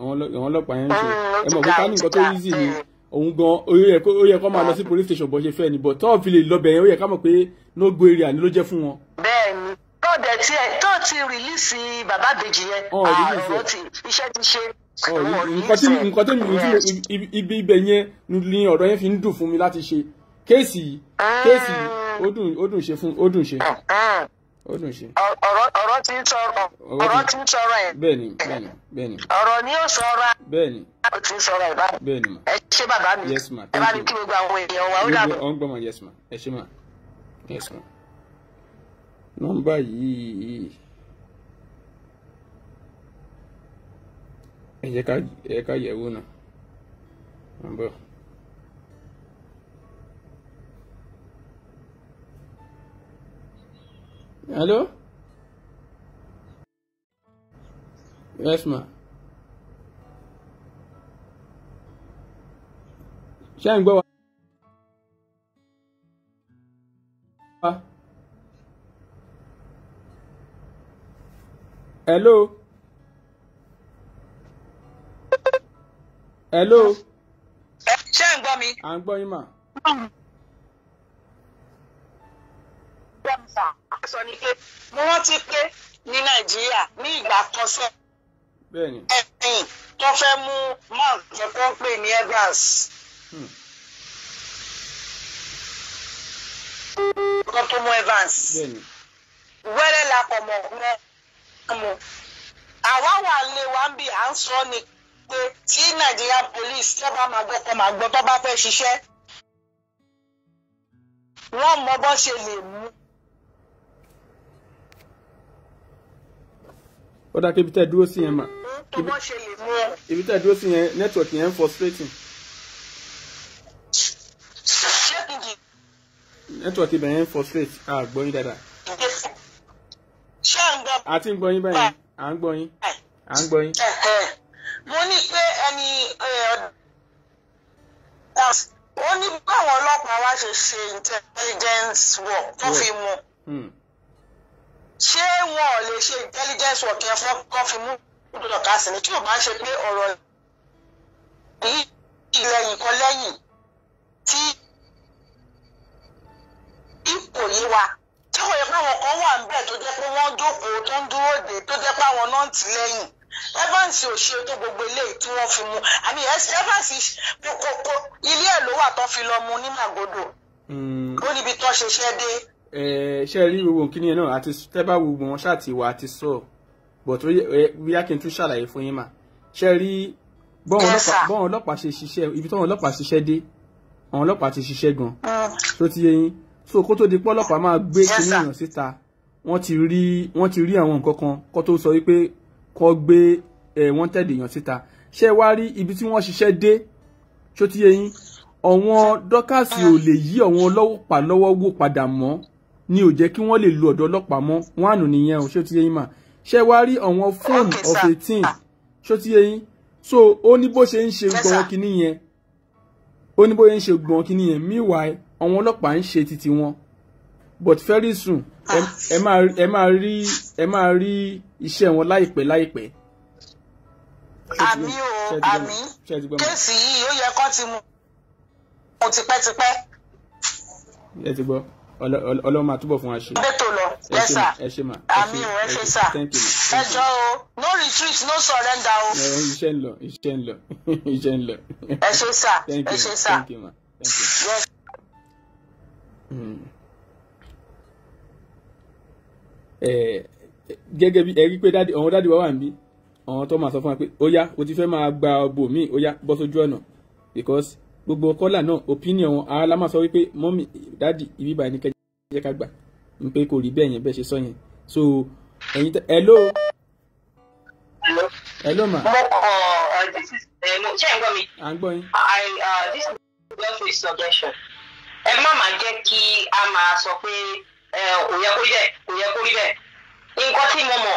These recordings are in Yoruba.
àwọn ọlọ́pàá yẹn ń ṣe mm, ẹ mọ̀ pé ká ní nǹkan tó easy ni mm. òun gan ó yẹ kó máa lọ sí police station bó ṣe fẹ́ ni but tó fi lè lọbẹ̀ yẹn ó yẹ ká mọ̀ pé no go area ni ló jẹ́ fún wọn. bẹ́ẹ̀ni tó dẹ tí ẹ tó ti rìlíìsì bàbá bèjì yẹn ààrùn ah, ti iṣẹ́ ti ṣe. nǹkan tí nǹkan tí ibi ibẹ̀ yẹn ni ọ̀rọ̀ yẹn fi ń dùn fún mi láti ṣe kéèsì mm. kéèsì ó dùn ṣe fún ó dùn ṣe. Mm-hmm ó dùn ṣe. ọ̀rọ̀ ti ń sọ̀rọ̀ ọ̀rọ̀ ti ń sọ̀rọ̀ ẹ̀. bẹ́ẹ̀ni bẹ́ẹ̀ni bẹ́ẹ̀ni. ọ̀rọ̀ ni yóò sọ̀rọ̀. bẹ́ẹ̀ni. ó ti ń sọ̀rọ̀ ẹ̀ báyìí. bẹ́ẹ̀ni ma. ẹ ṣé bàbá mi. yes ma thank you. ẹ bá mi kí gbogbo àwọn èèyàn wa ó dàbọ̀. gbogbo ọ̀ngbọ̀n ma yes ma ẹ ṣé ma yes ma. nọ́mbà yìí ẹ jẹ́ ká yẹ̀wò náà. الو اسمع ṣé ń gbọ́ wa. hello hello. ṣé ń gbọ́ mi. à ń gbọ́ yín mà. ni pé mo rántí pé ní nàìjíríà ní ìgbà kan sẹ ẹ̀yìn tó fẹ́ mú mark jẹ kó ń pè ní Evans. Hmm. kan tó mú Evans wẹ́rẹ́ la kọ̀ mọ̀ mọ́ àwa wà lé wa ń bì à ń sọ ni pé tí Nigerian police tó bá máa gbọ́ máa gbọ́ tó bá fẹ́ ṣiṣẹ́ wọ́n mọ bó ṣe lè mú ó dá kébi tẹ́ dúró sí yẹn mà. tó bọ́ ṣe lè mú ọ. ibi dúró sí yẹn nẹ́tíwọ̀kì yẹn frustrating. nẹ́tíwọ̀kì ibẹ̀ yẹn ń frustrate a gbọ́ yín dáadáa. a ti ń gbọ́ yín báyìí à ń gbọ́ yín à ń gbọ́ yín. mo ní pé ẹni ó ní báwọn ọlọ́pàá wá ṣe ṣe intelligence work tó fi mú. Hmm ṣé wọn ò lè ṣe intelligence work yẹn fún kọ́ fi mú dr kasim tí ò bá ṣe pé ọ̀rọ̀ yìí ìlẹ́yìn kan lẹ́yìn tí ipò yìí wa tí ó yẹ pé àwọn kan wà níbẹ̀ tó jẹ́ pé wọ́n jókòó tó ń dúró dè tó jẹ́ pé àwọn náà ń lẹ́yìn evans ò ṣe tó gbogbo eléyìí tí wọ́n fi mu àmì evans kò kò ilé ẹ̀ ló wà tó fi lọ mu ní màgòdò hmm. ó níbi tó ṣe ṣẹ́ dé ṣe rí gbogbo nǹkan yẹn náà àti tẹ́bà gbogbo wọn ṣáàtì wà àti sọ but bí a kì í tún ṣàlàyé fún yín mà ṣe rí bọ́n ọlọ́pàá ṣe ṣiṣẹ́ ibi tọ́wọ́n ọlọ́pàá ṣiṣẹ́ dé àwọn ọlọ́pàá ti ṣiṣẹ́ gan mm. tó ti yé yín so kó tó di pé ọlọ́pàá máa gbé kinní yàn síta wọ́n ti rí wọ́n ti rí àwọn nǹkan kan kó tó sọ wípé kó gbé wọ́n tẹ̀lé yàn síta ṣé wá rí ibi tí wọ́n ṣiṣẹ́ dé tó ti yé yín ọ̀wọ́n dọ́kàsì ò mm. lè yí ọ̀wọ́n ọlọ́pàá lọ́wọ́ wò padà mọ́ ni ò jẹ́ kí wọ́n lè lu ọ̀dọ̀ ọlọ́pàá mọ́ wọn àná nìyẹn o ṣé ti yé yín mà ṣé wá rí àwọn fóònù of eighteen ṣó ti yé yín so ó ní bó ṣe ń ṣe gbọ́n kínní yẹn ó ní bó ṣe ń ṣe gbọ́n kínní yẹn meanwhile àwọn ọlọ́pàá ń ṣe titi wọn but very soon ẹ ah. máa ẹ máa rí ẹ máa rí iṣẹ́ wọn láìpẹ́ láìpẹ́. àmì o àmì kéèsì yìí ó yẹ kó ti mú un tipẹ́tipẹ́. ẹ ti gbọ́ ọlọ́run máa túbọ̀ fún wa ṣe. ẹ tó lọ ẹ sà àmì ò ẹ ṣe sà ẹ o no retreat no surrender o. iṣẹ́ ń lọ iṣẹ́ ń lọ iṣẹ́ ń lọ. ẹ ṣe sà ẹ ṣe sà. Hmm. gẹ́gẹ́ bí ẹ rí pé ọ̀hún dádì wa wà níbí ọ̀hún tó máa sọ fún wa pé ó yá o ti fẹ́ máa gba ọbọ mi ó yá bọ́ sójú ọ̀nà because gbogbo kọ́là náà opinion wọn àwa máa sọ wípé mọ́mì dáàdì ibi báyìí ní kẹjẹ ká gbà ń kò rí bẹ́ẹ̀ yẹn bẹ́ẹ̀ ṣe sọ yẹn so ẹ̀yin tẹ hello. hello ma. mo kọ uh, this is eh, mo ṣe ń gbọ́ mi. à ń gbọ́ yín. i uh, this is welfare suggestion. ẹ má máa jẹ́ kí a máa sọ pé eh, kò yẹ kó rí kò yẹ kó rí bẹ́ẹ̀ nǹkan tí mo mọ̀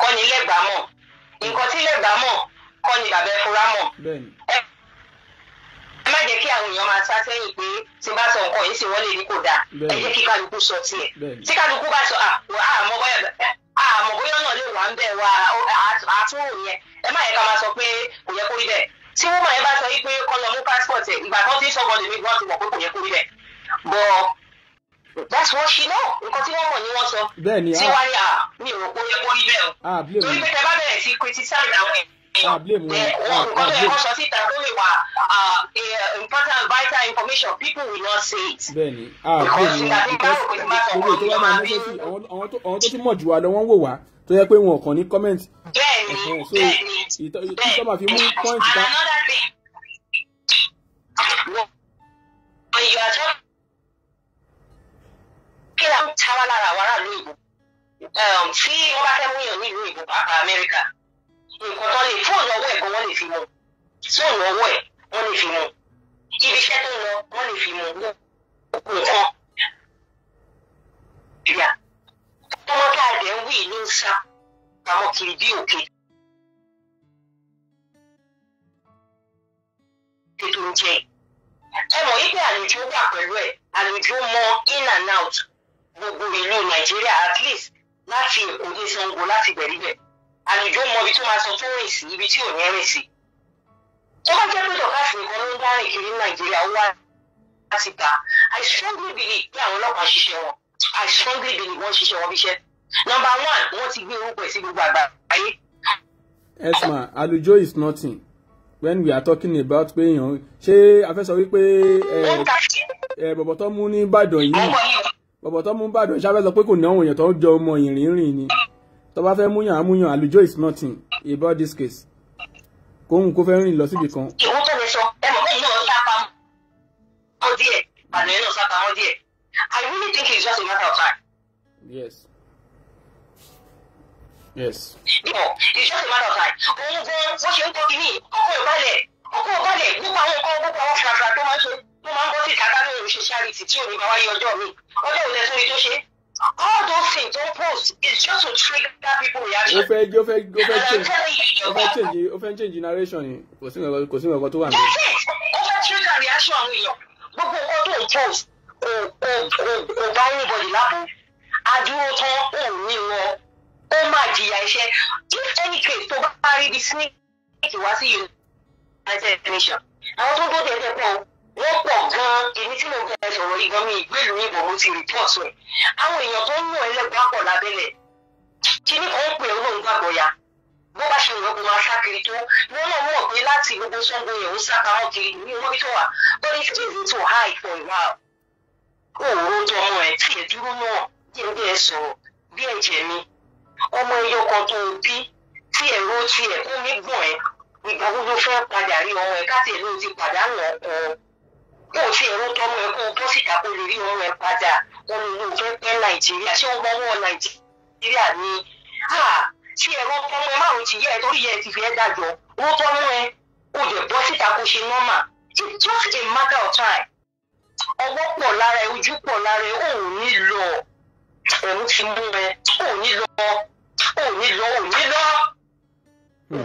kọ́ ni lẹ́gbàá mọ̀ nǹkan tí lẹ́gbàá mọ̀ kọ́ ni bàbá ẹ̀ fura mọ̀. bẹ́ẹ̀ni ẹ má jẹ́ kí àwọn èèyàn máa sá sẹ́yìn pé tí n bá sọ nǹkan yìí sì wọ́n lè ní kò dáa ẹ jẹ́ kí kálukú sọ tiẹ̀ tí kálukú bá sọ ah, àmọ́ bóyá àmọ́ ah, bóyá náà lè wà ń bẹ̀ wá àtúrò yẹn ẹ má yẹ ká máa sọ pé kò yẹ kó rí bẹ́ẹ̀ tí wọ́n yẹn bá sọ yìí pé kọ́ lọ mú passport ẹ̀ ìgbà kan tí ń sọ́gbọ́n lèmi gbọ́n ti mọ̀ pé kò yẹ kó rí bẹ́ẹ̀ but that's what she know nǹkan tí wọ́n mọ̀ ni wọ́n sọ tí ah. wọ́n ní à mi ò rò pé ó yẹ kó rí bẹ́ẹ̀ o torí pé tẹ bá bẹ̀rẹ̀ sí criticize àwọn ẹ̀ one ah, nǹkan eh, ah, eh, ah, lè sọ síta tó important vital information people will not say it. because ìgbà tí báwo kò ti máa sọ ọkọ mi máa bí. àwọn tó ti mọ̀ jù wá lọ wọ́n wò wá tó yẹ pé wọn ò kàn ní comment. bẹ́ẹ̀ni bẹ́ẹ̀ni bẹ́ẹ̀ni and another thing. you are talking kí ló ń tawá lára àwọn aráàlú ìbò um, tí wọ́n bá fẹ́ mú yàn ní ìlú ìbò pàápàá Amẹ́ríkà nǹkan tó lè fóònù ọwọ́ ẹ̀ gan wọ́n lè fi mú fóònù ọwọ́ ẹ̀ wọ́n lè fi mú ibi iṣẹ́ tó lọ wọ́n lè fi mú nǹkan. tọmọdé àdé ń wí ló ń sá àwọn kiri bí òkè. ètò ń jẹ ẹ mọ̀ ibi àlejò wà pẹ̀lú ẹ̀ àlejò mọ in and out gbogbo ìlú Nàìjíríà at least láti Èkó ní Ṣàngó láti bẹ̀rẹ̀ bẹ̀rẹ̀ àlùjọ mọ ibi tó máa sọ tó rìn sí ibi tí ò ní rìn sí tó bá jẹ́ pé dọ̀kásì nìkan ló ń dá rìn kiri nàìjíríà ó wà láti ta i strongly believe pé àwọn ọlọ́pàá ṣiṣẹ́ wọn i strongly believe wọ́n ṣiṣẹ́ wọn bíṣẹ́ number one wọ́n ti gbé orúkọ ẹ̀ sí gbogbo àgbáyé. esma àlùjọ is nothing when we are talking about pé èèyàn ṣé a fẹ́ sọ wípé eh, eh, bọ̀bọ̀ tó mú ní ìbàdàn yìí bọ̀bọ̀ tó mú ìbàdàn ṣáfẹ́ sọ pé kò náwọn èèyàn tó jọ ọmọ ìrìn ni tó bá fẹ́ múyàn amúyàn àlùjọ is nothing about this case kóhun kó fẹ́ rìn lọ síbi kan. ìwọ tó lè sọ ẹ mọ̀ bẹ́ẹ̀ náà sábà mọ́ díẹ̀ àná náà sábà mọ́ díẹ̀ I really think it's just a matter of time. Yes. Yes. Ìmọ̀ it's just a matter of time. Òun gan bó ṣe ń kọ́ kínní ọkọ̀ ìbálẹ̀ ọkọ̀ ìbálẹ̀ nípa àwọn nǹkan gbogbo àwọn fàràfàrà tó máa ń bọ́ sí ìtàkà lórí òṣìṣẹ́ àrètí tí ò ní bá wáyé ọjọ́ mi ọjọ́ òun lẹ́sùn ni tó ṣe all those things don post is just to trigger people reaction. ó fẹ́ ó fẹ́ ó fẹ́ change ó fẹ́ change ó fẹ́ change narration yìí kò sí nǹkan kò sí nǹkan tó wà níbẹ̀. ó fẹ́ trigger reaction àwọn èèyàn gbogbo nǹkan tó ń post kò kò kò kò bá anybody lápò adúró tán ò ní wọn ó máa jìyà iṣẹ́ if any case tó bá rí bí snake wá sí United Nations àwọn tó ń tó tẹ̀ tẹ̀ pọ̀ wọ́n pọ̀ gan èmi tí mo bẹ̀rẹ̀ sọ̀rọ̀ yìí mi ìgbélú ìbò mo ti report ẹ̀ àwọn èèyàn tó ń mú ẹlẹ́gbàá pọ̀ lábẹ́lẹ̀ kíní kan ń pè é olóhùn gbàgbọ́ ya bó bá ṣe ìrọ́pò máa sá kiri tó wọn náà mọ̀ pé láti gbogbo Ṣàngó yẹn ń sáka wọn kiri ní owó tó wà but it's easy to hide for a while. òòró tọmọ ẹ tí ẹ dúró náà jẹ bí ẹ sọ̀rọ̀ bí ẹ jẹ mi ọmọ ẹyọ kan tó o bí tí ẹ ró tí ẹ kó mi gbọ̀n ẹ ìgbà wo fẹ́ padà rí ọmọ ẹ káàtì ẹ ló ti pàdánù ọkọ ọ kó o ṣe ẹ̀rọ tọmọ ẹ kó o bọ́ kó o lè rí ọrọ̀ ẹ padà wọn ni wọn fẹ́ pẹ́ nàìjíríà ṣé wọn gbọ́wọ́ nàìjíríà ni ṣé ẹ̀rọ tọmọ márùn ti yẹ ẹ torí yẹ ẹ ti fi ẹ dájọ́ owó tọmọ ẹ kó o lè bọ́ kó o ṣe nọ́mà just a matter of time ọwọ́ pọ̀ lára ẹ ojú pọ̀ lára ẹ ò ní lọ òun ti mú ẹ ò ní lọ ò ní lọ ò ní lọ. Hmm.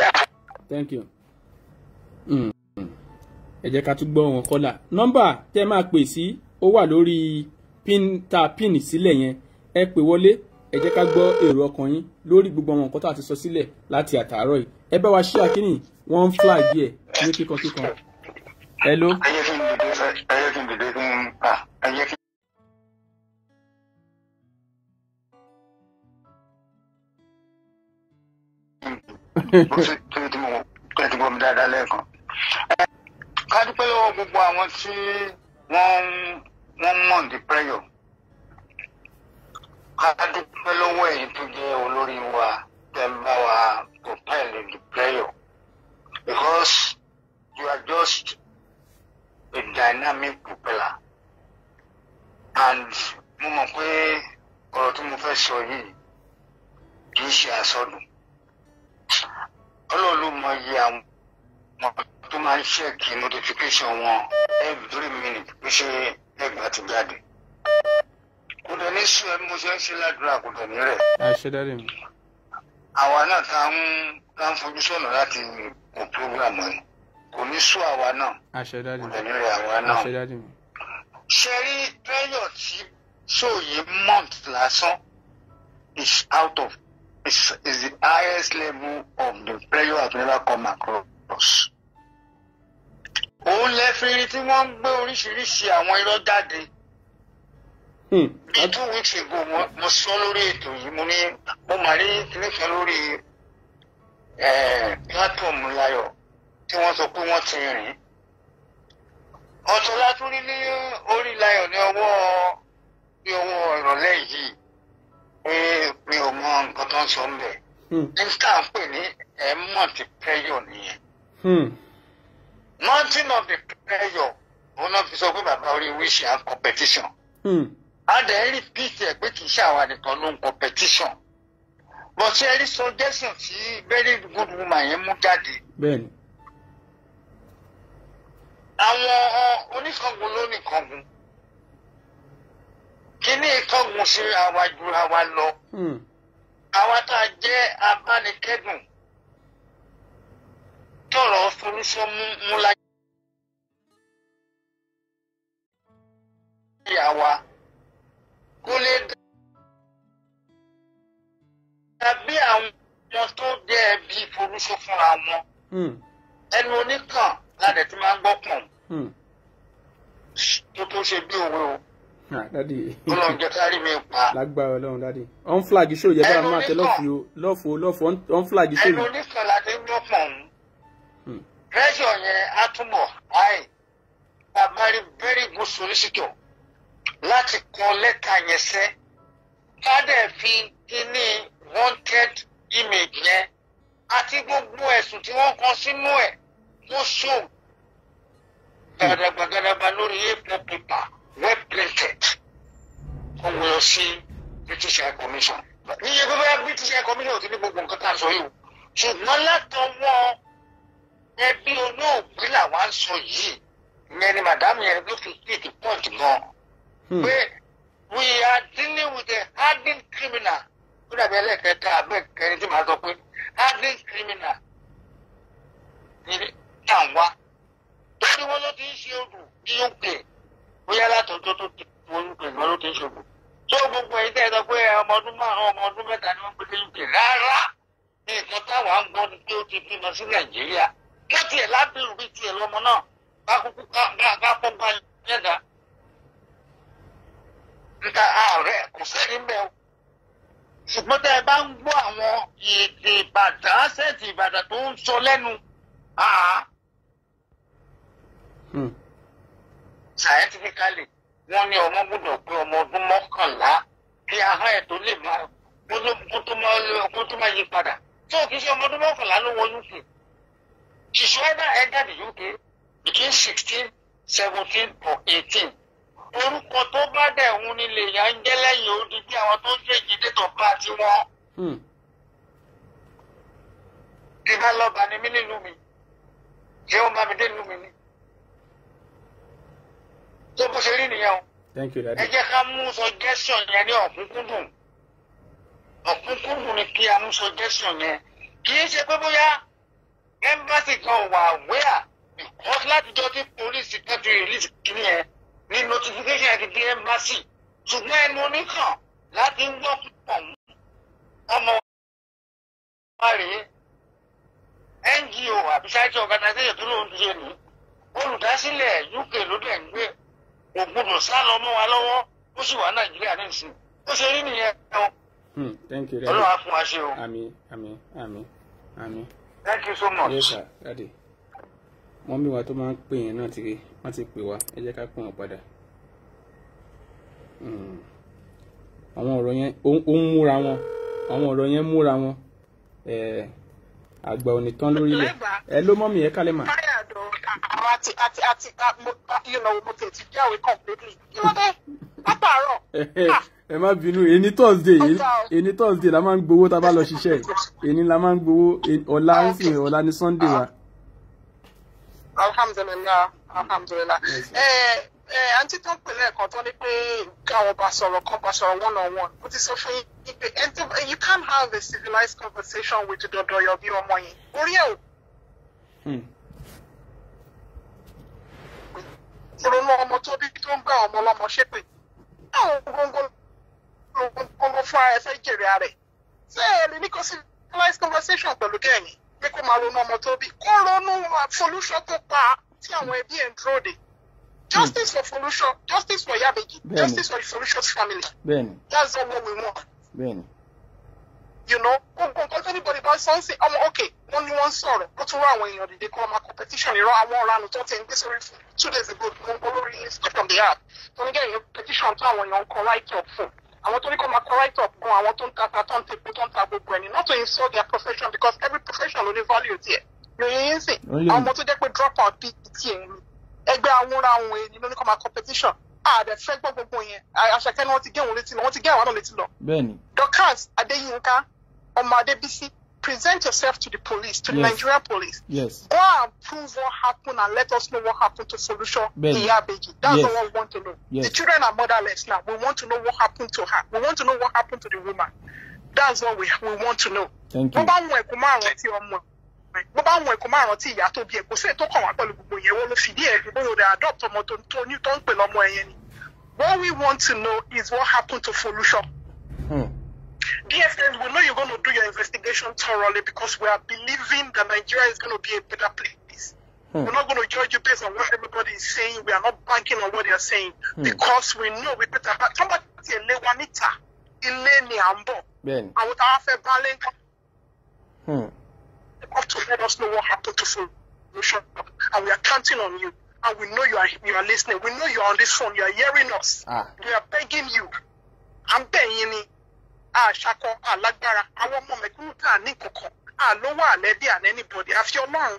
thank you. Mm ẹ jẹ́ ká tún gbọ́ wọn kọ́là nọ́mbà tẹ́ máa pè sí ó wà lórí pin ta pin sílẹ̀ yẹn ẹ pè wọlé ẹ jẹ́ ká gbọ́ èrò ọkàn yín lórí gbogbo àwọn nǹkan tá a ti sọ sílẹ̀ láti àtàárọ̀ yìí ẹ bá wa ṣí àkíní wọ́n ń flag yẹ ní kíkankíkan. hello. ẹ jẹ́ kí n dìde ẹ kí n dìde kí n dáadáa lẹ́ẹ̀kan ká dúpẹ́ lọ́wọ́ gbogbo àwọn tí wọ́n wọ́n mọ̀ ní pẹ́yọ̀ ká dúpẹ́ lọ́wọ́ èyí tó jẹ́ olórí wa tẹ́ ń bá wa propel the prayer because you are just a dynamic propeller and mo mọ̀ pé ọ̀rọ̀ tí mo fẹ́ sọ yìí kì í ṣe àsọdùn ọlọ́run mọ iye àwọn tó máa ń ṣẹ́ẹ̀kì notification wọn every minute pé ṣé ẹgbàá ti jáde kò dẹ̀ ní sùn ẹ mo ṣe ń ṣe ládùúrà kò dẹ̀ ní rẹ̀. àṣẹ dáre mi. àwa náà tá ń tá ń fojú sọ̀nà láti kò program ẹ̀ kò ní sùn àwa náà àṣẹ dáre mi kò dẹ̀ ní rẹ̀ àwa náà àṣẹ dáre mi. ṣe rí pẹ́yọ̀ tí sóòyè month lásán is out of is, is the highest level of the pressure I've never come across òun lẹ fi rí tí wọ́n ń gbé oríṣiríṣi àwọn irọ́ jáde hmm. bí two weeks ago mo sọ lórí ètò yìí mo ní mo mà rí kíní kan lórí platform láyọ̀ tí wọ́n sọ pé wọ́n ti rìn ọ̀tọ̀ látúrí ní orí láyọ̀ ní ọwọ́ ní ọwọ́ ìrọ̀lẹ́ yìí mi ò mọ nǹkan tó ń sọ ń bẹ̀ hmm. nígbà tá à ń pè ní ẹ̀mọ́tì pẹ́yọ̀ nìyẹn. Hmm. Mountain of the pressure òun náà fi sọ pé bàbá orí wíṣì and competition. Hmm. adẹ̀ ẹ́ rí píìtì ẹ̀ pé kì í ṣàwọn nìkan ló ń competition. but ṣe rí suggestion tí very good woman yẹn mú jáde. bẹ́ẹ̀ni. àwọn uh, oníkangun ló ní kangun. kíní kangun ṣe àwa ju àwa lọ. Hmm. àwa tá a jẹ́ abánikẹ́dùn tọrọ solúṣọ múlá ìyá wa kó lè dá bí àwọn tó jẹ́ ẹbí polúṣó fúnra wọn hmm. ẹnu oníkàn ládẹ̀ tó máa ń gbọ́ pọ̀n tó hmm. tó ṣe bí òwe o. Ah, Ọlọ́run jẹ́ kárí mi pa. Lágbára Ọlọ́run dádì. On flag show yẹ ká máa tẹ lọ́fù o lọ́fù o lọ́fù on flag show yìí. Ẹnu oníkan la ti ń gbọ́ pọ̀n. Hmm. Pressure yẹn á túbọ̀ high. Bàbá rí very good solicitor láti kọ lẹ́tà yẹn sẹ́ ká dẹ̀ fi wanted image yẹn àti gbogbo ẹ̀sùn tí wọ́n kọ sínú ẹ̀ wọ́n ṣó gbàdàgbàdàgbà lórí epo pépà web printed wọ́n wọ́n sí British High Commission níye gbogbo ẹ British High Commission ò ti ní gbogbo nǹkan tá a sọ yìí o ṣùgbọ́n látọwọ́ ẹbí olóògbé làwọn sọ yìí ìyẹn ni màdámù yẹn ló fi kéèkì pọ̀ jù gan Hmm. Pé we are dealing with a hardened criminal. Ó dàbí ẹlẹ́kẹta abẹ́kẹrin tí màá sọ pé hardened criminal ni à ń wá. Torí wọn ló ti ń ṣe odò ní UK. Bóyá látọjọ́ tó ti wọ́n UK wọn ló ti ń ṣe odò. Tó gbogbo ẹ̀yin tẹ́ ẹ sọ pé ọmọ ọdún márùn-ún ọmọ ọdún mẹ́ta ni wọ́n gbé ní UK rárá. Nǹkan táwa ń gbọ́ ni pé ó ti bímọ sí Nàìjíríà. Kẹ́tì ẹ̀ lábẹ́rù bíi tiẹ̀ lọ́mọ náà. Bá kúkú ká fọ́gbà yẹn dáa níta ààrẹ kò sẹ́ni mbẹ́ o ṣùgbọ́n tẹ́ ẹ bá ń gbọ́ àwọn èdè Ìbàdàn ṣẹ́ẹ̀tì Ìbàdàn tó ń sọ lẹ́nu hmm. scientifically wọ́n ní ọmọ gbọ́dọ̀ pé ọmọ ọdún mọ́kànlá kí ahọ́n ẹ̀ tó lè máa kó tó máa yí padà tó kì í ṣe ọmọ ọdún mọ́kànlá ló wọ UK she should either enter the UK between sixteen seventeen or eighteen orúkọ tó bá dẹ̀ ń ni lèèyàn ń jẹ́ lẹ́yìn odi bí àwọn tó ń ṣèjì dètò bá tiwọn. tí hmm. bá lọ́ba ni mí nílùú mi ṣé ó ń bá mi dé nílùú mi ni. tó bó ṣe rí nìyẹn o. Thank you, Daddy. ẹ jẹ́ ká mú suggestion yẹn ní ọ̀kúnkúndùn ọ̀kúnkúndùn ni kí a mú suggestion yẹn kì í ṣe pé bóyá embassy kan wà wẹ́à because látijọ́ tí polisi kẹ́tù release kìíní yẹn ní notification ẹ̀ ti di embassy ṣùgbọ́n ẹnu oníkàn láti ń gbọ́ púpọ̀ ọmọ wa rèé NGO àbí ṣáájú organisation tó lóun ṣe nù olùdásílẹ̀ UK ló dẹ̀ ń gbé ògbódò sá lọ mọ́ wa lọ́wọ́ ó sì wà Nàìjíríà ní ìsìn ó ṣe rí nìyẹn o. Hmm, thank you Ọlọ́run á fún wa ṣe o. àmín àmín àmín àmín. thank you so much. yes sir daddy mọ́mí wa tó máa ń pè yẹn náà ti rí wọ́n ti pè wá ẹ jẹ́ ká pè wọ́n padà hmm. àwọn ọ̀rọ̀ yẹn ó ń múra wọn àwọn ọ̀rọ̀ yẹn múra wọn àgbà òní tán lórí rẹ̀ ẹ ló mọ́ mi ẹ kálẹ̀ mà. ẹ má bínú èní thursday èní thursday la máa ń gbowó tá a bá lọ ṣiṣẹ́ èní la máa ń gbowó e, ọ̀la ń sìn ọ̀la ní sunday wa alhamdulilah alhamdulilah ẹ ẹ eh, eh, àǹtí tó ń pè lẹ́ẹ̀kan tó ní pé káwọn bá sọ̀rọ̀ kan bá sọ̀rọ̀ one on one ó ti sọ fún yín pé you can't have a civilized conversation with dọ̀dọ̀ yọ̀ bí ọmọ yẹn orí ẹ̀ o hmm. ronú ọmọ tó bí tó ń bá ọmọ ọlọ́mọ ṣépè báwo gbogbo fún ara ẹ fẹ́ jèrè ara ẹ ṣé ẹ lè ní kó sí civilized conversation pẹ̀lú kẹ́yìn pé kó máa ronú ọmọ tó bí kó ronú Folúṣọ tó pa tí àwọn ẹbí ẹ̀ ń dúró de justice for Folúṣọ justice for Iyabeji justice for Folúṣọ's family that's all we want. you know gbogbo nǹkan tó anybody bá sọ ń sè ọmọ ok wọn ni wọn ń sọ̀rọ̀ ó tún rọ àwọn èèyàn dìde kọ ọmọ competition irọ́ àwọn ọ̀ranù tó ti ń gbé sórí fún two days ago olórí inspector on the app tó ń gẹ̀yìn petition tó àwọn èèyàn ń kọ right up fún àwọn tó ní kó máa correct up gan àwọn tó ń ta ta tó ń tepo tó ń ta gbogbo ẹni not to insult their profession because every profession ló ní value tiẹ̀ yòòyè yín sìn àwọn ọmọ tó jẹ́ pé drop out bíi ti ẹ̀ ni ẹgbẹ́ awúnra ohun èyí ló ní kó máa competition àdẹ fẹ́ gbọ́ gbogbo yẹn àṣàkẹ́ ni wọ́n ti gé òun létí lọ wọ́n ti gé àwọn náà létí lọ. Dorcas Adéyínká ọmọ Adébísí present yourself to the police, to yes. the Nigerian police. Yes. Go and prove what happened and let us know what happened to Solution Iyabeji. That's yes. what we want to know. Yes. The children are motherless now. We want to know what happened to her. We want to know what happened to the woman. That's what we, we want to know. Thank you. bó bá wọn ẹkọ márùn tí ìyá tó bí ẹkọ sí ètò kàn wá pẹ̀lú gbogbo yẹn wọn ló fìdí ẹ gbogbo yóò rẹ adopt ọmọ tó ní tó ń pè lọmọ ẹ ni what we want to know is what happened to Folusho. Hmm. Dear we know you're going to do your investigation thoroughly because we are believing that Nigeria is going to be a better place. Hmm. We're not going to judge you based on what everybody is saying. We are not banking on what they are saying hmm. because we know we better. Somebody say, Lewanita, Ileni Ambo. I would have a balance. Hmm. have to let us know what happened to solution. And we are counting on you. And we know you are you are listening. We know you are on this phone. You are hearing us. Ah. We are begging you. I'm begging you. àṣàkọ alágbára àwọn ọmọ mẹkúrútà ní kankan àlówó àlẹbí àná anybody àfi Ọlọ́run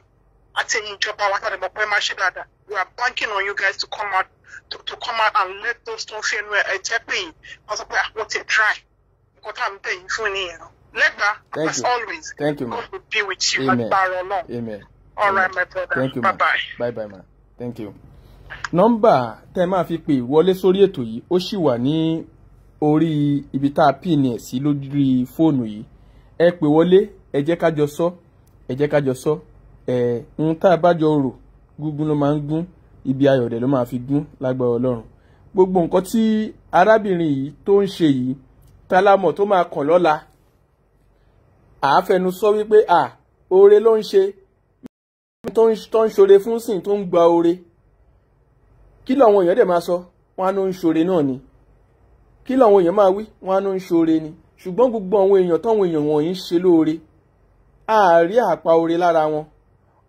àti ẹ̀yin ìjọba wa tàbí ọpẹ máa ṣe dáadáa we are banking on you guys to come out to, to come out and let those tó ń fi ẹnu ẹ jẹ pé yìí wọn sọ pé àwọn ah, ti try nǹkan tá à ń bẹ̀ fún nìyẹn lẹgba as always thank you ma God will be with you agbára Ọlọ́run amen all right my brother bye bye bye bye ma thank you. nọ́mbà tẹ́ ẹ máa fi pè wọlé sórí ètò yìí ó sì wà ní orí ibi tá a pin ẹ̀ sí lórí fóònù yìí ẹ pè wọlé ẹ jẹ́ ká jọ sọ ẹ jẹ́ ká jọ sọ ẹ ohun tá a bá jọ rò gúngún ló máa ń gún ibi ayọ̀ dẹ̀ ló máa fi gún lágbára ọlọ́run gbogbo nǹkan tí arábìnrin yìí tó ń ṣe yìí tálámọ̀ tó máa kàn lọ́la àáfẹnu sọ wípé à oore ló ń ṣe tó ń ṣoore fún sìn tó ń gba oore kí làwọn èèyàn dẹ̀ máa sọ wọn á ló ń ṣoore náà ni kí làwọn èèyàn máa wí wọn á ní ń ṣoore ni ṣùgbọ́n gbogbo àwọn èèyàn táwọn èèyàn wọ̀nyí ń ṣe lóore àárí àpá oore lára wọn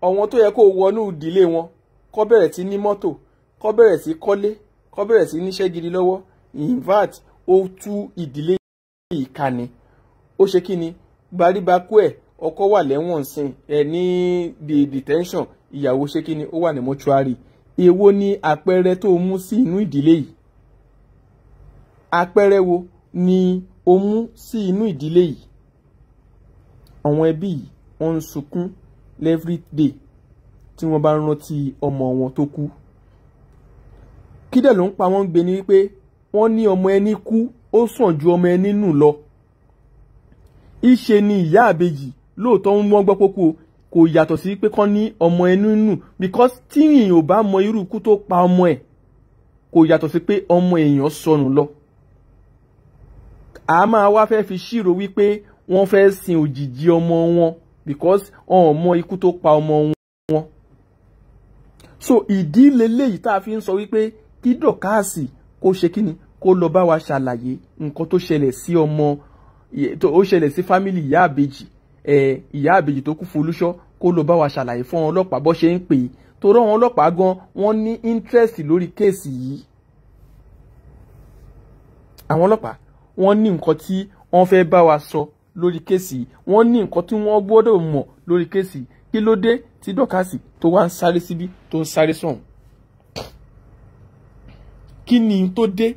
ọ̀wọ́n tó yẹ kó wọnú ìdílé wọn kọ́ bẹ̀rẹ̀ sí ní mọ́tò kọ́ bẹ̀rẹ̀ sí kọ́lé kọ́ bẹ̀rẹ̀ sí níṣẹ́ gidi lọ́wọ́ invert ó tú ìdílé ìka ni ó ṣe kí ni gbaríbakú ẹ̀ ọkọ wà lẹ́wọ̀n sìn ẹ̀ ní the detention ìyàwó ṣe kí ni ó wà ní mọ́ṣúárì èwo ni àpẹẹrẹ tó mú sí inú ìdílé yìí àpẹẹrẹ wo ni o mú sí inú ìdílé yìí àwọn ẹbí yìí wọ́n ń sunkún every day tí wọ́n bá ń rántí ọmọ wọn tó kú kí dẹ̀ ló ń pa wọ́n gbé ni wípé wọ́n ní ọmọ ẹni kú ó sàn ju ọmọ ẹni nù lọ ìṣe ni ìyá àbejì lóòótọ́ ń wọ́n gbọ́ pópó kò yàtọ̀ sí pé kán ní ọmọ ẹnu nù because tí èèyàn ò bá mọ irú ikú tó pa ọmọ ẹ̀ kò yàtọ̀ sí pé ọmọ èèyàn sọnù lọ a máa wá fẹ́ fi ṣírò wípé wọ́n fẹ́ sin òjìji ọmọ wọn because wọn ò mọ ikú tó pa ọmọ wọn. so ìdí leléyìí tá a fi ń sọ wípé kí dọ̀káàsì kó ṣe kíni kó lọ bá wa ṣàlàyé nǹkan tó ṣẹlẹ̀ sí ọmọ ó ṣẹlẹ̀ sí fámìlì ìyá àbèjì ìyá àbèjì tó kú folúṣọ́ kó lọ bá wa ṣàlàyé fún àwọn ọlọ́pàá bó ṣe ń pè é torọ́ àwọn ọlọ́pàá gan wọ́n ní interest lórí kéèsì yìí àwọn ọlọ́pàá wọ́n ní nǹkan tí wọ́n fẹ́ bá wa sọ lórí kéèsì wọ́n ní nǹkan tí wọ́n gbọ́dọ̀ mọ̀ lórí kéèsì kí ló dé tí dọ́kàsì tó wá ń sáré síbí tó ń sáré sọ̀hún. kí ni tó dé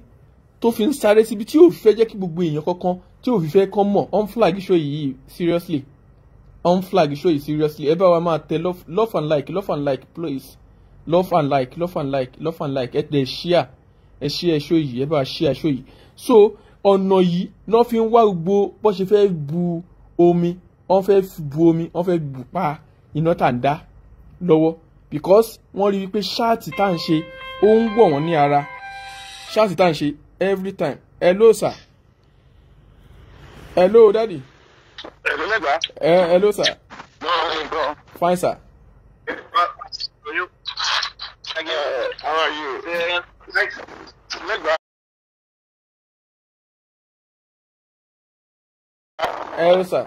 tó fi ń sáré síbi tí yóò fẹ́ jẹ́ kí gbogbo èèyàn kankan tí yóò fẹ́ kọ́ mọ̀ on flag show yìí seriously on flag show yìí seriously ẹ bá wa máa tẹ love, love and like love and like please love and like love and like love and like ẹ tẹ ẹ ṣíà ẹ ṣíà ẹ ṣó yìí ẹ bá ṣíà ẹ ṣó yìí so ọ̀nà yìí náà fi ń wá gbogbo bó ṣe fẹ́ bu omi wọ́n fẹ́ bu omi wọ́n fẹ́ bu pa iná tà ń dá lọ́wọ́ because wọ́n rí i pé ṣáàtì tá à ń ṣe ó ń wọ̀ wọ́n ní ara ṣáàtì tá à ń ṣe every time hello sir hello daddy. hello mẹ́gbàá. ẹ eh, hello sir. mo ń rìn gan. fine sir. how are you. mẹ́gbàá ẹ̀rùsà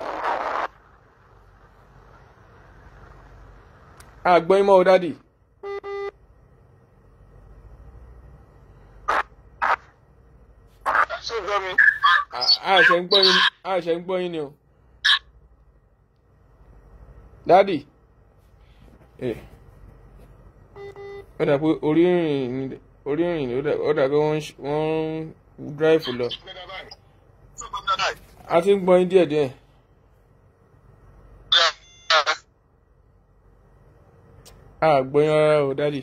àgbọ̀n imọ̀ ò dádì. àṣẹ ń gbọ́ yín àṣẹ ń gbọ́ yín ni o dádì ó dà pé orí ìrìn orí ìrìn ó dà pé wọ́n ń dráìfù lọ a ti ń gbọ́ yín díẹ̀díẹ̀. àgbọ̀yìn rárá o dádì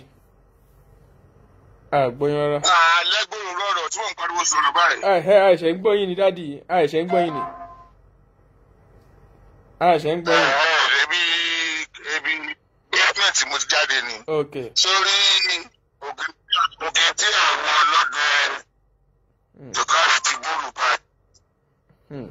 àgbọ̀yìn rárá. àlẹ́gbòrò rọrọ̀ tí wọ́n ń pariwo sọ̀rọ̀ báyìí. àìṣẹ́ ń gbọ́ yín ni dádì àìṣẹ́ ń gbọ́ yín ni. àìṣẹ́ ń gbọ́ yín. ẹbí ẹbí gẹ́fẹ̀tì mo ti jáde ni. sórí òkè tí àwọn ọlọ́dẹ hmm. jọ̀ká ti gbòòrò báyìí. Hmm.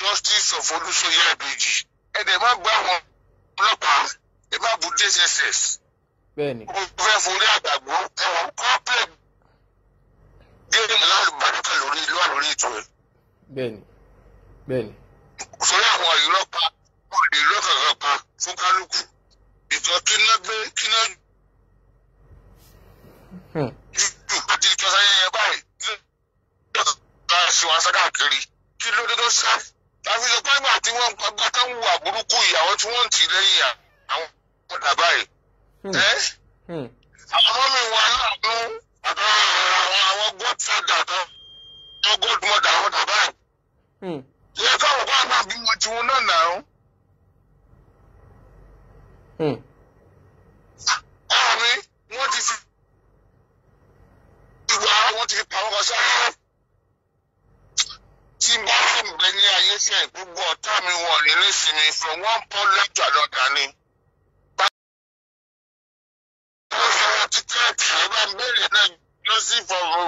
justice of olùsọyẹ ẹbẹjì ẹ dẹ má gbá àwọn ọlọ́pàá ẹ má bu dss ó fẹ́ forí àgbàgbọ́ ẹ̀wọ̀n kọ́pẹ́ géèmù lálùbáríkà lórí ìlú àlórí ètò ẹ̀. bẹ́ẹ̀ni bẹ́ẹ̀ni. sórí àwọn ìrọ́pa ọ̀dẹ̀ ìrọ́kàkà pa fún kálukú ìjọ kí ná gbé kí ná hmm. jù àti ìjọ sáyẹyẹ báyìí kí ló dé tó sá sí wọn sá káàkiri kí ló dé tó sá sí tàbí sọ pé nígbà tí wọ́n bá ń wà burúkú ìyàwó tí wọ́n ń tì lẹ́yìn àwọn ọ̀dà báyìí. Hmm. Hmm. àwọn ọmọ mi wà láàánú àtàwọn àwọn godfather kan àwọn godmother àwọn ọ̀dà báyìí. yẹ hmm. káwọn bá máa bí wọn tiwọn náà nà ó. ọ̀rọ̀ mi wọ́n ti fi ìwà wọn ti fi pàwọn kan sáré tí mo sì ń bẹ ní ayé ṣe gbogbo ọ̀tá mi wọ̀ ní nísìnyí from one problem to another ni. báwo ṣe wọ́n ti tẹ́ ẹ̀tì ẹ bá ń béèrè náà lọ sí ìfọ̀rọ̀ o.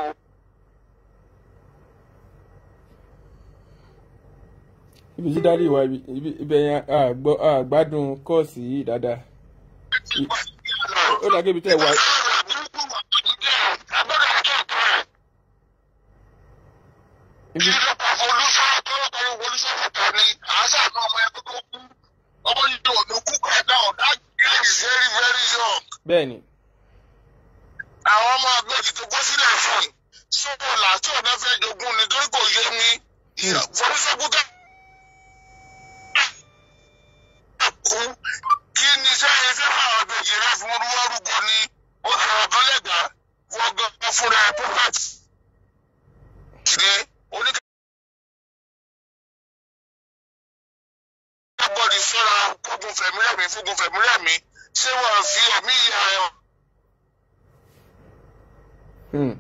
ibi tí dáàdi wà ibẹ̀ yẹn àgbádùn kọ́ọ̀sì yìí dáadáa ó dàgé ibi tẹ́ ẹ wà. ìjọba àfolúṣọ ọmọ ẹgbẹ́ tó kú sílẹ̀ fún un sọ́kò làtọ́ ọ̀nà fẹ́ jogún nítorí kò yé mi hmm. ìfọwọ́sọ́gbọ́tà kí ni sẹ́yìn fẹ́ fà ọ́ bèjì rẹ̀ fún olúwarúgbó ni ó sọ̀rọ̀ kan lẹ́gbàá wọ́n gan fúnra ẹ̀ pọ́pẹ́tì kìdé oníkàbọ̀dì sọ́ra fúgun fẹ̀mí rẹ̀mí fúgun fẹ̀mí rẹ̀mí ṣé wọ́n fi ẹ̀mí ìyá ẹ̀ hàn. Hmm.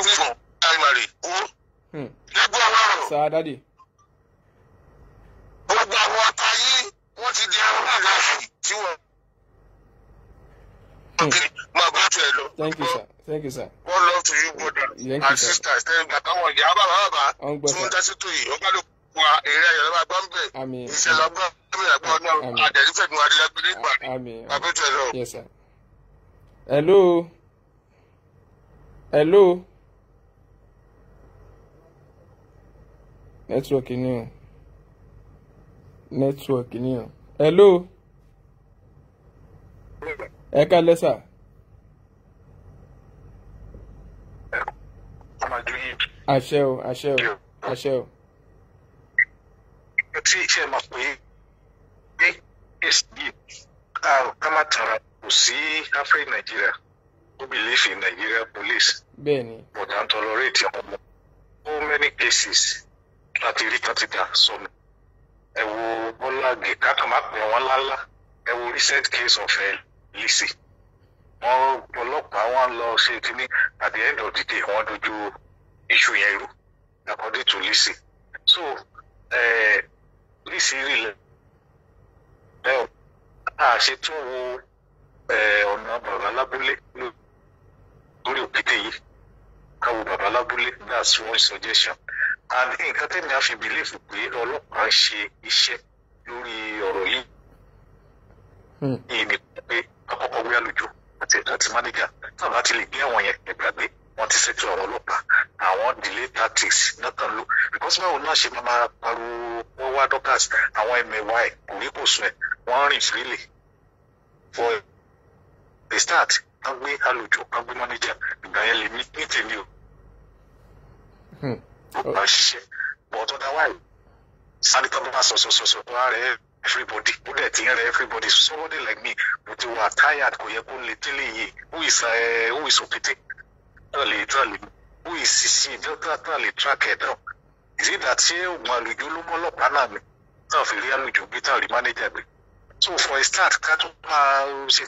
Hmm. sáà dádì. gbogbo àwọn ọ̀tá yìí wọ́n ti di arúgbó àgáṣì tí wọ́n. Thank you sir. Thank you sir. All love to you brother Thank and sisters. Tẹ́lẹ̀ gbà táwọn ìyá bàbá bàbá tí wọ́n dá sí tó yìí, ọgbà ló wa eré ayọ̀ lọ́ba gbọ́n bẹ̀. Ìṣẹ̀lẹ̀ ọgbà mi àgbọ̀ náà àdẹ̀rífẹ̀ ni wà á lẹ́gbẹ̀ẹ́ nígbà mi. Máa bá tiẹ̀ lọ. Yes sir. Hello. Hello. network ni o network ni o hello ẹ kálẹ́ sà. àṣẹ o àṣẹ o àṣẹ o. tí ṣe mọ̀ pé gbé èsì yìí ká má tara kò sí afẹ́ Nigeria. who believe in Nigeria police. Bẹ́ẹ̀ni. But I tolerate ọmọ. So many cases láti rí kàtìkà sọnù. Ẹ wo Bọ́lá Gẹ̀ká kàmá pè wọ́n lálá. Ẹ wo recent case of ẹ̀ lisi wọn ọlọ́pàá wọn lọ ṣe kínní at the end of the day wọn dojú iṣu yẹn rú according to lisi so uh, lisi rí lẹ ẹ ọ a ṣe tún wo eh, ọ̀nà bàbá lábúlé lórí òkété yìí ká wo bàbá lábúlé that's one suggestion and nǹkan tẹ́mi á fi believe pé ọlọ́pàá ń ṣe iṣẹ́ lórí ọ̀rọ̀ yìí hmm. yìí ni pé àkọ́kọ́ wíyá lójú àti àti mánìjà náà láti lè gbé àwọn yẹn ẹgbàgbé wọn ti ṣètò àwọn ọlọ́pàá àwọn delay tactics náà lò because báwo náà ṣe máa pariwo wọn wá doctors àwọn mẹwàá ẹ kò ní kò sùn ẹ wọn rìn freely for the start wọn gbé àlùjọ wọn gbé mánìjà ìgbà yẹn lè ní ní tèmi o. Hmm. ó bá ṣiṣẹ́ but otherwise sanitọ́ bá sọ̀sọ̀sọ̀sọ̀ tó ara ẹ̀ everybody ó dẹ̀ ti ń rẹ everybody somebody like me mo ti wà tired kò yẹ kó lè délé yìí who is ẹ eh, who is òkété náà lè tán lè who is sisi delta tán lè track ẹ̀ down is it that ṣé oògùn àlùjọ ló mọ́ ọlọ́pàá náà mi náà fi rí àlùjọ gbé tán rí manager gbé so for a start ká tún máa ṣe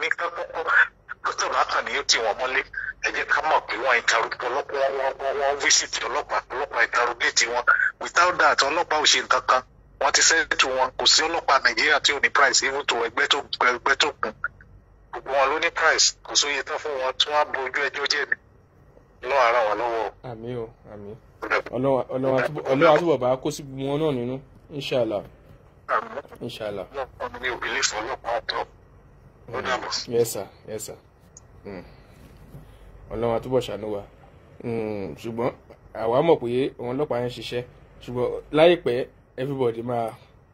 ní ká kọ́kọ́ dókítà bàtàn ni ó tì wọ́n mọ́lé ẹ jẹ́ ká mọ̀ pé wọ́n ìtarùkù ọlọ́pàá wọ́n wọ́n wọ́n fíṣítì ọlọ́pàá ọlọ́pàá ìtarùgẹ́tì wọn without that ọlọ́pàá ò ṣe nǹkan kan wọ́n ti sẹ́ẹ̀tù wọn kò sí ọlọ́pàá nàìjíríà tí ò ní price even tó ẹgbẹ́ tó ẹgbẹ́ tó kù gbogbo wọn ló ní price kò sóye tán fún wọn tí wọ́n á bo ojú ẹjọ́ jẹ̀bi lọ́ ara wọn lọ́wọ́. àmì o àmì ọlọ́wà túbọ̀ bá kó sí wọn náà nínú inshàlá inshàlá. ọmọ mi ò believe ọlọ́pàá ọ̀tọ̀ ó dàbọ̀. yes sir yes sir. Hmm. ọlọ́run àtúbọ̀ ṣàánú wa hmm, ṣùgbọ́n àwa mọ̀ pé àwọn ọlọ́pàá ń ṣiṣẹ́ ṣùgbọ́n láìpẹ́ everybody máa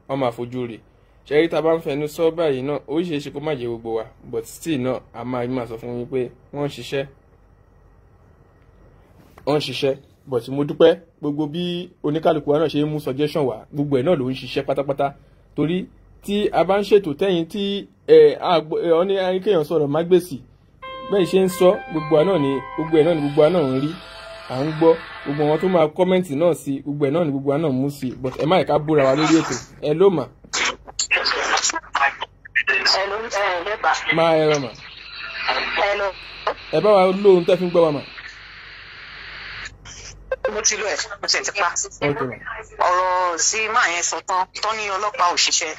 wọ́n máa fojú rè ṣẹ́rí tá a bá ń fẹnu sọ báyìí náà ó kó má jẹ́ gbogbo wa but still náà a máa máa sọ fún yín pé wọ́n ń ṣiṣẹ́ wọ́n ń ṣiṣẹ́ but mo dúpẹ́ gbogbo bí oníkálukú wa náà ṣe ń mú suggestion wá gbogbo ẹ̀ náà ló ń ṣiṣẹ́ pátápátá torí tí a bá ń ṣètò tẹ́yìn tí ọ ní kéèyàn sọ̀rọ̀ má gbèsì bẹ́ẹ̀ ṣe ń sọ gbogbo àná ni gbogbo ẹ̀ náà ni gbogbo àná ń rí à ń gbọ́ gbogbo àwọn tó máa kọ́mẹ́ǹtì náà sí gbogbo ẹ̀ náà ni gbogbo àná mú sí but ẹ má ẹ̀ka búra wa lórí ètò ẹ ló mà. máa ẹ rọ mà. ẹ bá wa lóhun tẹ́ fi ń gbọ́ wa mà. mo ti lo ẹ̀ mo ti ẹ̀ ti pa ọ̀rọ̀ sí máa yẹn sọ tán tán ní ọlọ́pàá òṣìṣẹ́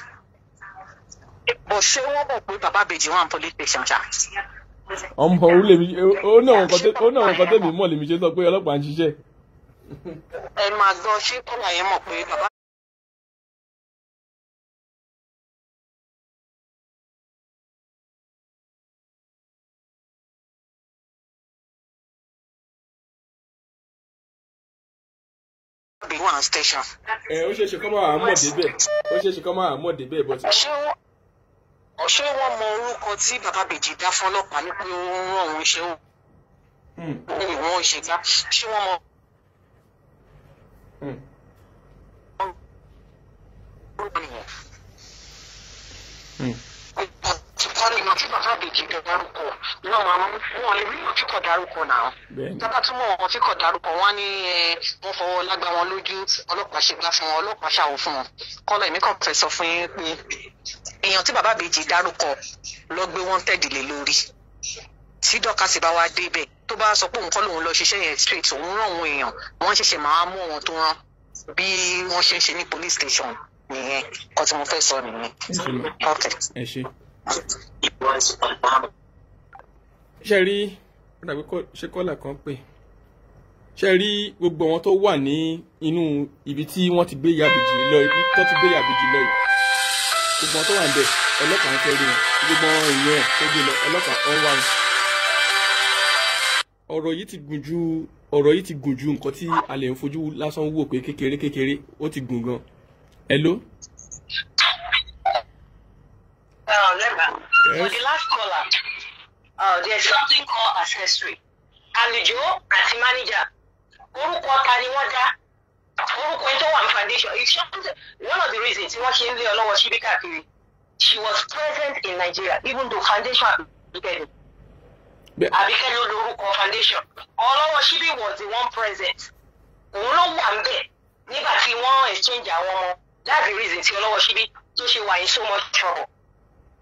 bó ṣé wọ́n mọ̀ pé bàbá bèjì wà ní police station ṣáà. ọmọ òun lèmi ó náà nǹkan tèmi mọ̀ lèmi ṣe sọ pé ọlọ́pàá ń ṣiṣẹ́. ẹ máa gbọ́ ṣé kọ́lá yẹn mọ̀ pé bàbá. ẹ ó ṣeé ṣe kọ́ máa mọ̀ débẹ̀ ó ṣeé ṣe kọ́ máa mọ̀ débẹ̀ ṣé wọ́n mọ orúkọ tí bàbá bèjì dá fún ọlọ́pàá ní pé ó ń rán òun ṣe hmm. òun ìwọ̀n ṣe gbá ṣé wọ́n mọ. Mm sọ́ni ìmọ̀ tí bàbá àbèjì dárúkọ náà wọn lè rí ìmọ̀ tí kò dárúkọ náà tábà tún mọ̀ wọn tí kò dárúkọ wọn ní wọn fọwọ́ lágbá wọn lójú ọlọ́pàá ṣe gbá fún wọn ọlọ́pàá ṣàwò fún wọn kọ́lọ̀ èmi kàn fẹ́ sọ fún yín pé èèyàn tí bàbá àbèjì dárúkọ lọ gbé wọn tẹ̀dílé lórí tí dọ́kasì bá wá débẹ̀ tó bá sọ pé òun kọ́ lòun lọ ṣiṣẹ́ yẹn straight òun ràn òun èèyàn wọ́n ṣẹ̀ṣẹ̀ máa mú òun tó rán bí wọ́n ṣe ń ṣe ní police station nìyẹn kọ́ tí mo fẹ́ sọ nìyẹn. ẹ ṣe ṣe rí ṣe kọ́là kan pè ṣe rí gbogbo àwọn tó wà ní inú ibi tí wọ́n ti gbé yàbìjì lọ ibi tó ti gbé yàbìjì lọ yìí gbogbo àwọn tó wà níbẹ̀ ọlọ́pàá ń fẹ́ rí wọn gbogbo àwọn èèyàn ẹ̀ tó gbé lọ ọlọ́pàá ọ̀ wá wọn. ọ̀rọ̀ yìí ti gùn ju ọ̀rọ̀ yìí ti gùn ju nǹkan tí a lè ń fojú lásán wò pé kékeré kékeré ó ti gùn gan. hello. Uh, yes. for the last caller, uh, there's something called accessory. Àlùjọ àti manager. Orúkọ ta ni wọ́n dá? Orúkọ ẹni tó wà ní foundation. It's one of the reasons tí wọ́n ṣe ń lé ọlọ́wọ́ síbí káàkiri. She was present in Nigeria even though foundation abikẹ́ni. Abikẹ́ni ló lórúkọ foundation. Ọlọ́wọ́ síbí was the one present. Òun ló wà ń bẹ̀ nígbà tí wọ́n exchange àwọn ọmọ. That's the reason tí ọlọ́wọ́ síbí tó ṣe wà in so much trouble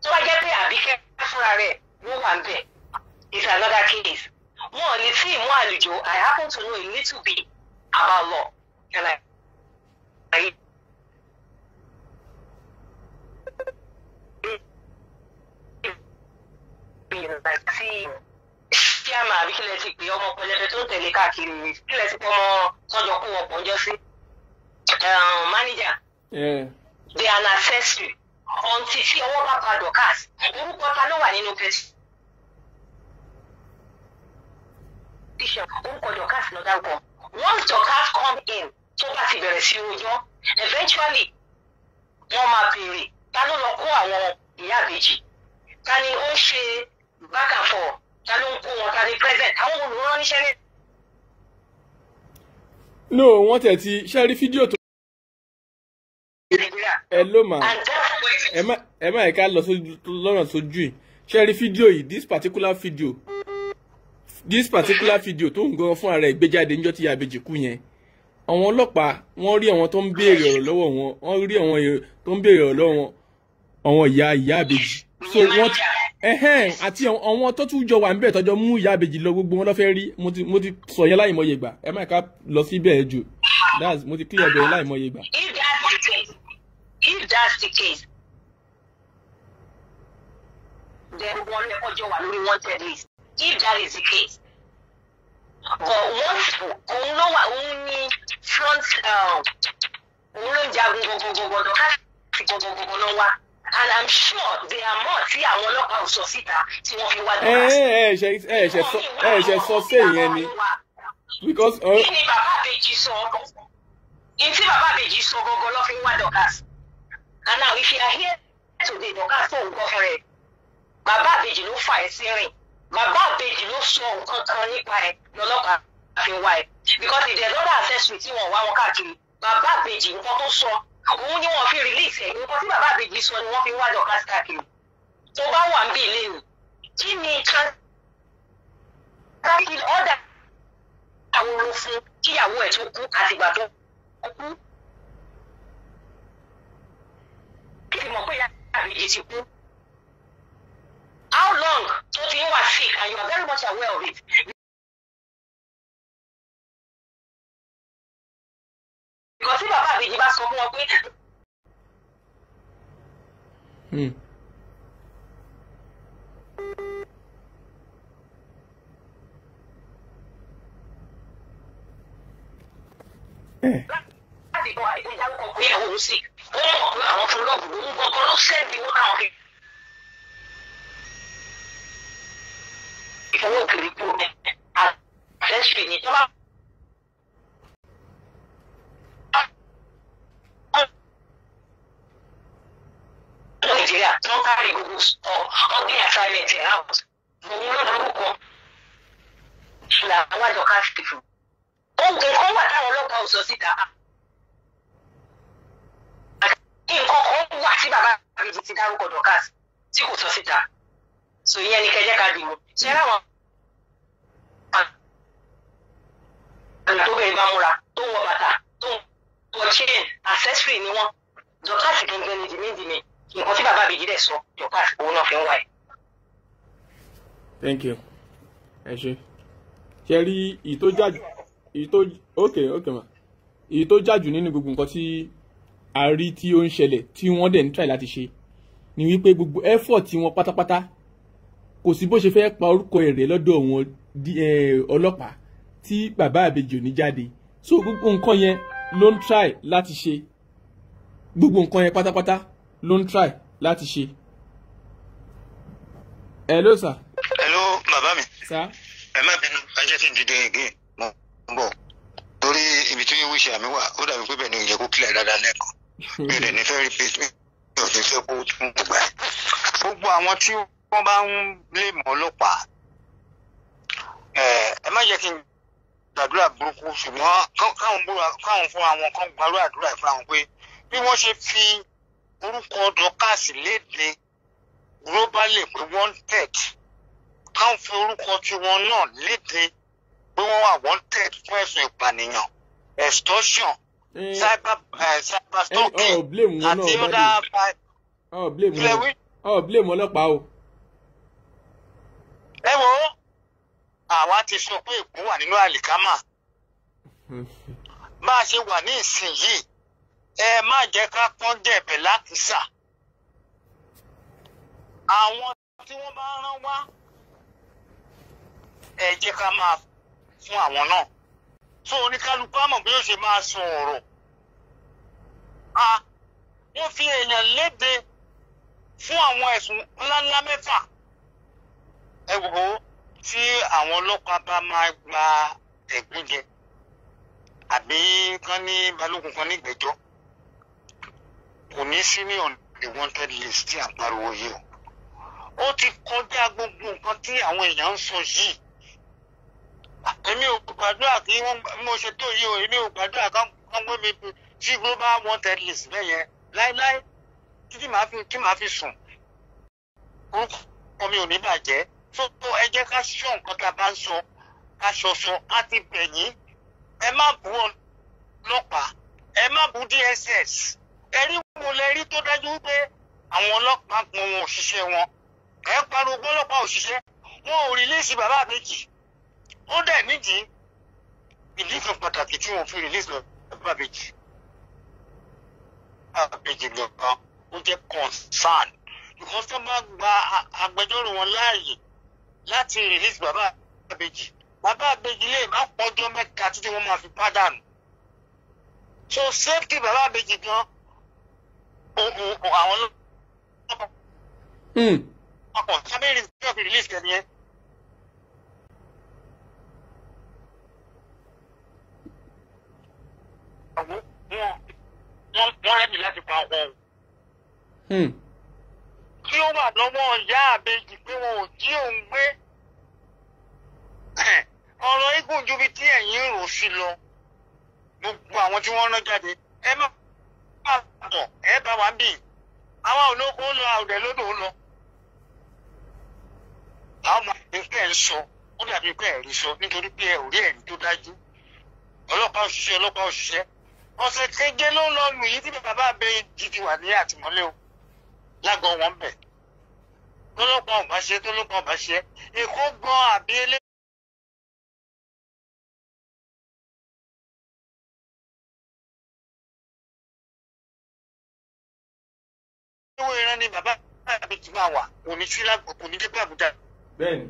tó bá jẹ́ pé àbíkẹ́ fúnra rẹ̀ ló wà ń bẹ̀ it's another case wọn ò lè tí ì mú àlùjọ I happen to know a little bit about law and I. I ṣíàmà àbí kílẹ̀ ti pè ọmọ pẹlẹbẹ tó ń tẹ̀lé káàkiri kílẹ̀ ti pọ́ ọmọ kó wọ́pọ̀ ọjọ́ sí. mánéjà um, they are an accessory ọ̀ǹtì tí ọwọ́ bá pa Dorcas orúkọ ta ló wà nínú petition orúkọ Dorcas ló dárúkọ once Dorcas come in tó bá ti bẹ̀rẹ̀ sí rojọ́ eventually wọ́n máa béèrè ta ló lọ kó àwọn ìyá àbèjì ta ni ó ṣe back and forth ta ló ń kó wọn ta ni present àwọn olùrànṣẹ́ ní. no wọ́n tẹ̀ ti ṣe rí fídíò tó. ẹ ló mà. and that ẹ má ẹ̀ka lọ lọ́nà sójú yìí ṣe rí fídíò yìí this particular video this particular video tó ń gan fún ara ẹ̀ gbé jáde níjọ́ tí Ìyábẹ̀jì kú yẹn àwọn ọlọ́pàá wọ́n rí àwọn tó ń béèrè ọ̀rọ̀ lọ́wọ́ wọn wọ́n rí àwọn tó ń béèrè ọ̀rọ̀ lọ́wọ́ àwọn ìyá Ìyábẹ̀jì so wọ́n ẹ̀hẹ́n àti àwọn tó tún jọ wà níbẹ̀ tọ́jọ́ mú Ìyábẹ̀jì lọ gbogbo wọn ló fẹ́ rí mo ti sọ yẹn láìmọye ìgbà ẹ má ẹ̀ka lọ síbẹ̀ ẹ jù mo ti clear bẹ̀rẹ̀ láìmọye ìgbà. if that's the case if that's the case then wọ́n lè wà lórí wanted list if that is the case but once òun ló wà òun ní front um, òun ló ń jagun gbogbogbò lọ́ka sí gbogbogbò náà wá and i'm sure there are more tí àwọn ọlọ́pàá ò sọ síta tí wọ́n fi wá lọ́ka sí. ẹ ẹ ẹ ẹ ṣe sọ sí because. Uh, kí ni bàbá àbèjì sọ ọkọ ntí bàbá àbèjì sọ gbogbo lọ́fi wá lọ́ka sí and now if you are here today lọ́ka sí òun gbọ́ bàbá àbèjì ló fà ẹ́ sí rìn bàbá àbèjì ló sọ nǹkan kan nípa ẹ̀ lọ́lọ́pàá fi wá ẹ̀ because if there's other accessory tí wọ́n wá wọn káàkiri bàbá àbèjì nǹkan tó sọ òun ni wọ́n fi release ẹ̀ nǹkan tí bàbá àbèjì sọ ni wọ́n fi wá lọ káàkiri tó bá wà ń bí ilé nì kí ni transaction order àwọn ló fún kíyàwó ẹ̀ tó kú àtìgbà tó kú. kí ni mọ̀ pé ìyá àbèjì ti kú how long tó ti ń wà sick and you are very much aware of it. nǹkan tí bàbá àbèjì bá sọ fún wọn pé. Hmm. Eh. láti bọ àìsàn ìyá ọkọ̀ pé àwọn ò sí ó mọ̀ pé àwọn fúlọ́ọ̀bù ló ń gbọ́ kọ́ ló ṣẹ́ẹ̀dì wọn àwọn kìí. ìfowó kiri kú ní àtẹ́sí ni tó bá. Nàìjíríà tó ń kárí gbogbo sọ ọgbìn assignment ẹ̀ out òun ló lórúkọ làwọn àjọ káàsì fún. Oúnjẹ kan wà táwọn ọlọ́pàá ò sọ síta. Nǹkan kan wà tí bàbá mi ti dárúkọ dọ̀kásì tí kò sọ síta so ìyẹn ni kẹjẹ ká dùn ṣe láwọn tó bẹ̀rẹ̀ bá múra tó wọ bàtà tó wọ chain accessory ni wọ́n dọ̀kásì gangan ni dìmídìmí nǹkan tí bàbá àbèjì dẹ̀ sọ dọ̀kásì òun náà fi ń wá ẹ̀. thank you ẹ ṣe ṣe rí ìyí tó jáde ìyí tó ok ok ma èyí tó jà jù nínú gbogbo nǹkan tí a rí tí ó ń ṣẹlẹ̀ tí wọ́n dẹ̀ ń try láti ṣe ni wípé gbogbo effort tí wọ́n pátápátá kò sí bó ṣe fẹ́ pa orúkọ èrè lọ́dọ̀ wọn ọlọ́pàá tí bàbá àbejì ò jáde so gbogbo nǹkan yẹn ló ń try láti ṣe gbogbo nǹkan yẹn pátápátá ló ń try láti ṣe. hello sir. hello bàbá mi. sir. ẹ má bínú ajé tí ń dìde again mo ń bọ̀ torí ibi tí wíṣẹ àmì wà ó dàbí pé bẹ́ẹ̀ ni ò kílẹ̀ dáadáa lẹ́kọ̀ọ́ mi ò dẹ̀ ní fẹ́ rí pé mi ò fi fẹ́ kó tún gbà. gbogbo àwọn tí ó wọ́n bá ń blame ọlọ́pàá ẹ má jẹ́ kí n gbàdúrà burúkú ṣùgbọ́n káwọn fúnra wọn kan gbàdúrà àdúrà ìfúnra wọn pé bí wọ́n ṣe fi orúkọ dọ́kàsì léde globally pé wanted káwọn fi orúkọ tiwọn náà léde pé wọ́n wà wanted fún ẹ̀sùn ìpànìyàn extortion eh, eh, cyber eh, cyber stalking oh, àti ọ̀dà. ọ̀ oh, oh, blame ọlọ́pàá o ẹ wo àwa ti sọ pé ègún wà nínú àlìkámà bá a ṣe wà ní ìsinyìí ẹ má jẹ́ ká pọ́n jẹ̀bẹ̀ láti sà àwọn tí wọ́n bá rán wá ẹ jẹ́ ká máa fún àwọn náà tó oníkálukú àmọ̀ bí ó ṣe máa sọ ọ̀rọ̀ a wọ́n fi èèyàn léde fún àwọn ẹ̀sùn ńláńlá mẹ́fà ẹ wo tí àwọn ọlọ́pàá bá máa gba ẹ̀gún jẹ àbí kán ní balógun kan nígbẹ́jọ́ kò ní sí ní on the wanted list tí à ń pariwo yìí o ó ti kọjá gbogbo nǹkan tí àwọn èèyàn ń sọ yìí èmi ò gbàdúrà kí wọ́n mo ṣe tó yìí o èmi ò gbàdúrà kán gbé mi sí global wanted list bẹ́ẹ̀ yẹn láéláé títí màá fi sùn orúkọ mi ò ní bàjẹ́ so ẹ jẹ́ ká sọ nǹkan tá a bá ń sọ ká ṣọṣọ á ti bẹ̀ yín ẹ má bú ọlọ́pàá ẹ má bú DSS ẹ̀rí wo lẹ rí tó dájú wípé àwọn ọlọ́pàá gbọ́n wọn òṣìṣẹ́ wọn ẹ pariwo gbọ́lọ́pàá òṣìṣẹ́ wọn ò rìlíìsì bàbá àbèjì ó dẹ̀ nídìí ìdíkan pàtàkì tí wọn fi rìlíìsì bàbá àbèjì àbèjì lọ́kàn ó jẹ́ concern because tó bá gba agbẹjọ́rò wọn láàyè láti release bàbá àbèjì bàbá àbèjì lè má pọ́jọ́ mẹ́ta títí wọ́n máa fi pádànù so safety bàbá àbèjì gan ohun àwọn lọ́kọ̀ hmm. ọkọ̀ sábẹ́ reason fi release kẹ́ni yẹn. wọ́n rẹ́ni láti pa ọkọ̀ ọ̀hún tí ó wà lọ́wọ́ ìyá àbejì pé wọn ò jí òun gbé ọ̀rọ̀ igun ju bí tí ẹ̀yin rò sí lọ gbogbo àwọn tí wọ́n rán jáde ẹ má bá bọ̀ ẹ bá wa bì àwa olóko ń lọ àwùdẹ lódò lọ. àwọn ọmọ àgbẹ̀ pẹ̀ ń sọ ó dàbí pé ẹ̀rí sọ nítorí pé ẹ ò rí ẹ̀rí tó dájú ọlọ́pàá òṣìṣẹ́ ọlọ́pàá òṣìṣẹ́ ọ̀sẹ̀ keje ló ń lọ lù yìí tí bàbá abẹ́yẹ jí wà ní àtìmọ́lé o lágọ̀ọ́ wọn bẹ̀ tọ́lọ́pàá ọ̀bá ṣe tọ́lọ́pàá ọ̀bá ṣe èkó gan àbí elé. owó ìran ni bàbá àbí ti máa wà kò ní sí lágbo kò ní dé pé àbújá. bẹ́ẹ̀ni.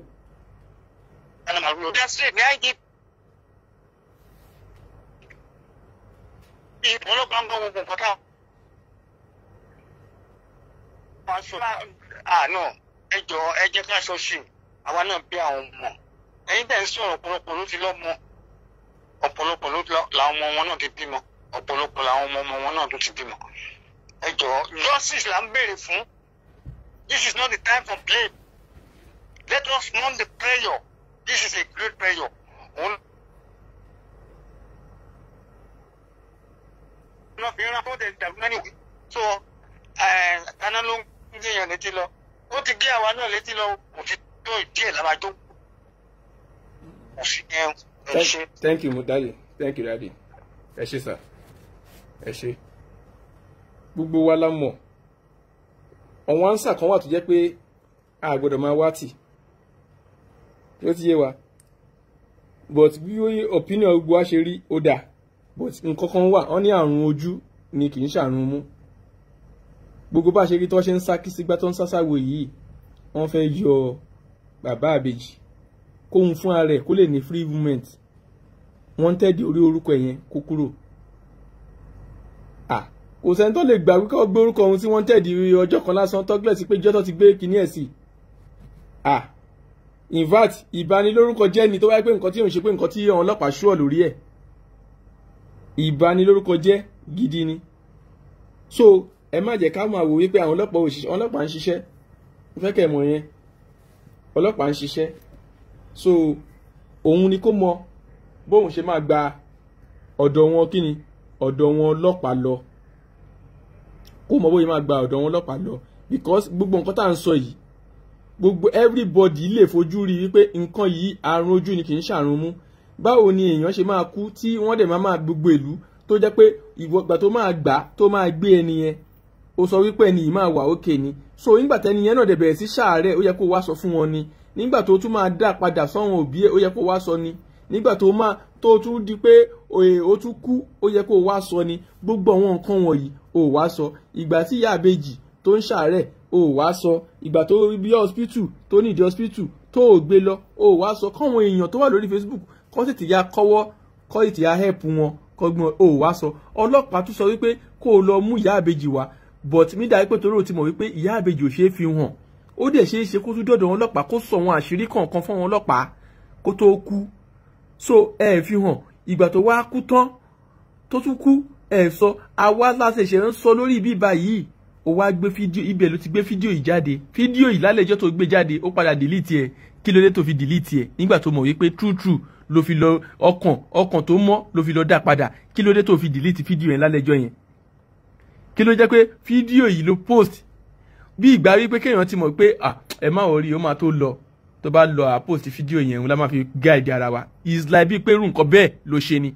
alamaru ló dá sílẹ̀ ní àìjẹ́. ìpolówó gbàngàn gbogbo nǹkan táwọn pàṣọlá àánú ah, ẹjọ ẹjẹ ká ṣọṣì àwa náà bí àwọn ọmọ ẹ̀yin bẹ́ẹ̀ ń sọ̀rọ̀ ọ̀pọ̀lọpọ̀ ló ti lọ́mọ ọ̀pọ̀lọpọ̀ làwọn ọmọ wọn náà ti bímọ ọ̀pọ̀lọpọ̀ làwọn ọmọ ọmọ wọn náà tó ti bímọ ẹjọ justice là ń béèrè fún this is not the time for blame let us mourn the prayer this is a great prayer òun náà fi ń ra fún ọdẹ ìdàgbàsókè so kaná eh, ló ń ń èèyàn létí lọ ó ti gé àwa náà létí lọ òfin tó díẹ̀ lára tó òfin ẹ̀ ẹ̀ ṣe. thank you daddy thank you daddy ẹ ṣe sà ẹ ṣe gbogbo wa la mọ̀ àwọn ansa kan wà tó jẹ́ pé a gbọ́dọ̀ máa wá tì yóò ti yé wa but bí opinion gbogbo wa ṣe rí ó dà but nǹkan kan wà wọ́n ní àrùn ojú ni kì í ṣàrùn mú gbogbo bá ṣe rí tí wọ́n ṣe ń sá kí sígbà tó ń sásáwò yìí wọ́n fẹ́ yọ bàbá àbèjì kóhun fúnra rẹ̀ kó lè ní free movement wanted orí orúkọ yẹn kó kúrò kò sẹ́ni tó lè gbà wípé ó gbé orúkọ ohun tí wọ́n tẹ̀dí ọjọ́ kan lásán tọ́gílẹ̀sì pé jọ́tọ̀ ti gbé kinní ẹ̀ sí. in fact ìbanilórúkọ jẹ́ ni tó wáyé pé nǹkan tí òun ṣe pé nǹkan tí àwọn ọlọ́pàá ṣúọ̀ lórí ẹ̀ ìbanilórúkọ jẹ́ gidi ni. so ẹ má jẹ́ ká máa wò wípé àwọn ọlọ́pàá òṣìṣẹ́ ọlọ́pàá ń ṣiṣẹ́ fẹ́ kẹ́ mọ̀ yẹn ọlọ́pàá ń ṣiṣẹ́ so òun ni kó mọ bóun ṣe máa gba ọ̀dọ̀ wọn kíni ọ̀dọ̀ wọn ọlọ́pàá lọ kó mọ bóyá máa gba ọ̀dọ̀ wọn ọlọ́pàá lọ because gbogbo nǹkan tá à ń sọ yìí gbogbo everybody lè fojú rí wípé nǹkan yìí àrùn ojú ni kì í ṣàrùn mú báwo ni èèyàn ṣe máa kú tí wọ́n dẹ̀ máa máa gbogbo ìlú tó jẹ́ pé ìwọ̀gbà tó máa gbà tó máa gbé ẹni ó sọ wípé ẹni yìí máa wà òkè ni so nígbà tẹni yẹn náà dẹ̀ bẹ̀rẹ̀ sí ṣàárẹ̀ ó yẹ kó wá sọ fún wọn ni nígbà tó tún máa dá padà sọ́wọ́n òbí ẹ̀ ó yẹ kó wá sọ ni nígbà tó máa tó tún di pé ó tún kú ó yẹ kó wá sọ ni gbogbo àwọn nǹkan wọ̀nyí ó wá sọ ìgbà tí ìyá àbejì tó ń ṣàárẹ̀ ó wá sọ ìgbà tó bí hospital tó nídìí hospital tó ò gbé lọ ó wá sọ káwọn èèyàn tó wà lórí Facebook kọ́ tètè ya kọ́wọ́ kọ́ tètè ya help wọn kọ́gbọ́n ó wá sọ ọlọ́pàá tún sọ wípé kó o lọ mú ìyá àbejì wá but mi dàbí pé torí o ti mọ̀ wípé ìyá àbejì ò ṣeé fi hàn ó dẹ̀ ṣeé ṣe kó tún dọ̀dọ̀ wọn ọlọ́pàá kó sọ wọn àṣírí kọ̀ọ̀kan fún wọn ọlọ́pàá kó tó kú so ẹ eh, fi hàn ìgbà tó wá kú tán tó tún kú ẹ eh, sọ so, àwa láṣẹṣẹ ń sọ lórí bíbá yìí ó wá gbé fídíò ibẹ̀ ló ti gbé fídíò yìí jáde fídíò yìí lálẹ́jọ́ tó gbé jáde ó padà dìlítì ẹ̀ kí ló tó fi dìlítì ẹ̀ nígbà tó mọ̀ wípé true true ló fi lọ ọkàn ọkàn tó mọ́ ló fi lọ dá padà kí ló tó fi dìlítì fídíò yẹn lálẹ́jọ́ yẹn kí ló jẹ́ pé fídíò yìí ló post bí ìgbà wípé kéèyàn ti mọ̀ pé à ẹ má wọrí ó máa tó lọ tó bá lọ à post fídíò yẹn la máa fi guide ara wa is like bíi pé irú nǹkan bẹ́ẹ̀ ló ṣe ni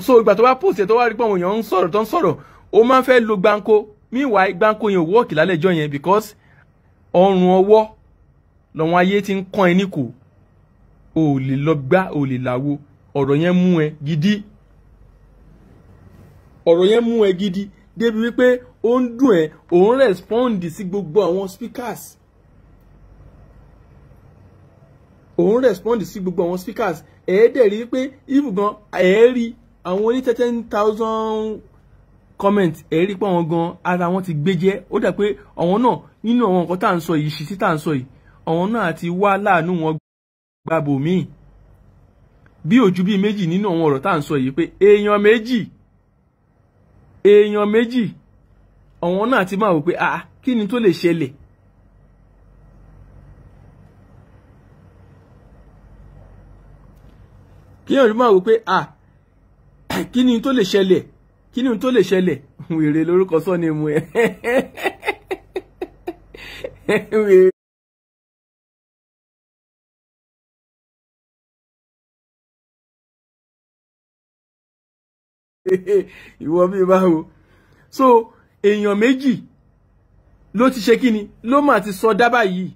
so ìgbà tó bá post ẹ̀ tó wá rí pé àwọn èèyàn ń sọ̀rọ̀ tó ń sọ̀rọ̀ ó máa fẹ́ lo gbáǹkó meanwhile gbáǹkó yẹn ò wọ́ọ̀kì lálẹ́ ìjọ yẹn because ọrùn ọwọ́ lọ́wọ́n ayé ti ń kàn ẹ́ níkò o ò lè lọ gbá o ò lè làwo ọ̀rọ̀ yẹn mú ẹ gidi ọ̀rọ̀ yẹn mú ẹ gidi débi wípé ó ń dùn ẹ́ ó ń rẹ́spọ́ǹdì sí gbogbo àwọn speakers ó ń rẹ́spọ́ǹdì sí gbogbo àwọn speakers ẹ̀ẹ́dẹ̀ rí pé if gan ẹ̀ẹ́rí àwọn oní thirteen thousand comment ẹ̀ẹ́rí pé àwọn gan ara wọn ti gbé jẹ́ ó dà pé àwọn náà nínú àwọn nǹkan tá à ń sọ yìí ṣìṣì tá à ń sọ yìí àwọn náà ti wá láàánú wọn gbàbò míì bí òjú bíi méjì nínú àwọn ọ̀rọ̀ tá à ń sọ yìí pé èèyàn méjì èèyàn méjì àwọn náà ti máa wò pé ah kí ni tó lè ṣẹlẹ̀ kíyàn ló máa wò pé ah kí ni tó lè ṣẹlẹ̀ kí ni tó lè ṣẹlẹ̀ wèrè lórúkọ sọ́ni mu ẹ̀ ìwọ bí báwo so èèyàn méjì ló ti ṣe kíni ló mà ti sọ dábà yìí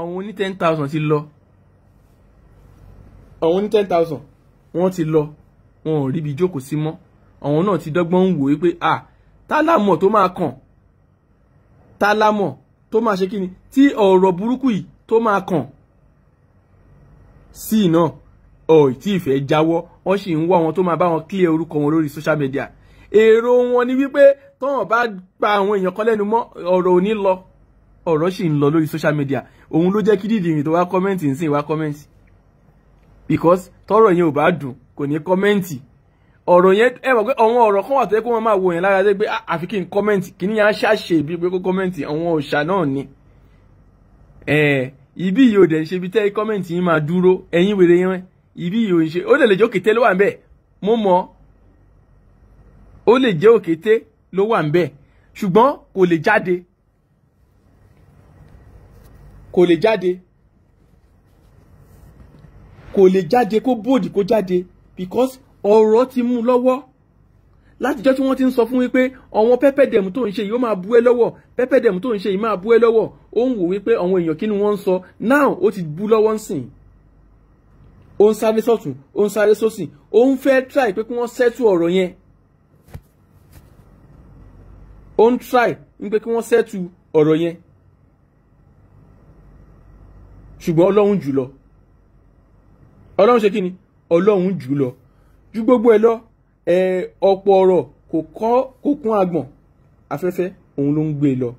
ọ̀hún ní ten thousand ti lọ ọ̀hún ní ten thousand wọ́n ti lọ wọn ò ríbi jókòó sí mọ́ ọ̀hún náà ti dọ́gbọ́n ń wò ó pé à tálámọ̀ tó máa kàn tálámọ̀ tó máa ṣe kíni tí ọ̀rọ̀ burúkú yìí tó máa kàn sí náà ò tí ì fẹ́ jáwọ́ wọ́n sì ń wá wọn tó máa bá wọn clear orúkọ wọn lórí social media èrò wọn ni wípé tọ́wọ́n bá gba àwọn èèyàn kan lẹ́nu mọ́ ọ̀rọ̀ ò ní lọ ọ̀rọ̀ sì ń lọ lórí social media òun ló jẹ́ kí Dídìrìn tó wá kọ́mẹ́ǹtì nsìn wá kọ́mẹ́ǹtì because tọ́rọ̀ yẹn ò bá dùn kò ní kọ́mẹ́ǹtì ọ̀rọ̀ yẹn ẹ mọ̀ pé àwọn ọ̀rọ̀ kan wà tó yẹ kó wọ́n máa wo yẹn lára dé pé ah, àfi kí n kọ́mẹ́ǹtì kí ni yẹn á ṣàṣe ibi pé kó kọ́mẹ́ǹtì àwọn òòṣà náà ni ibi yìí ò dẹ̀ ṣe ibi tẹ́ kọ́mẹ́ǹtì yín máa dúró ẹ̀yin wèrè yẹn ibi ìròyìn ṣe ó lè lè jẹ́ òkété ló wà ń bẹ̀ mo mọ̀ ó lè jẹ́ òkété ló wà ń bẹ̀ ṣùgbọ́n kò lè jáde kò lè jáde kò lè jáde kó bòdì kó jáde because ọ̀rọ̀ ti mú lọ́wọ́ látijọ́ tí wọ́n ti ń sọ fún wípé àwọn pẹ́pẹ́dẹ̀mù tó ń ṣe yìí ó máa bú ẹ lọ́wọ́ pẹ́pẹ́dẹ̀mù tó ń ṣe yìí máa bú ẹ lọ́wọ́ ó ń wò wípé àwọn èèyàn kí ni wọ́n ń sọ now ó ti bú lọ́wọ́ ń sìn ó ń sáré sọ́tún ó ń sáré sósì ó ń fẹ́ try pé kí wọ́n settle ọ̀rọ̀ yẹn ó ń try pé kí wọ́n settle ọ̀rọ̀ yẹn ṣùgbọ́n ọlọ́run jù lọ ọlọ́run ṣe kí ni ọlọ́run jù lọ ju gbogbo ẹ lọ ọ̀pọ̀ ọ̀rọ̀ kò kọ́ kò kún àgbọ̀n afẹ́fẹ́ òun ló ń gbé e lọ.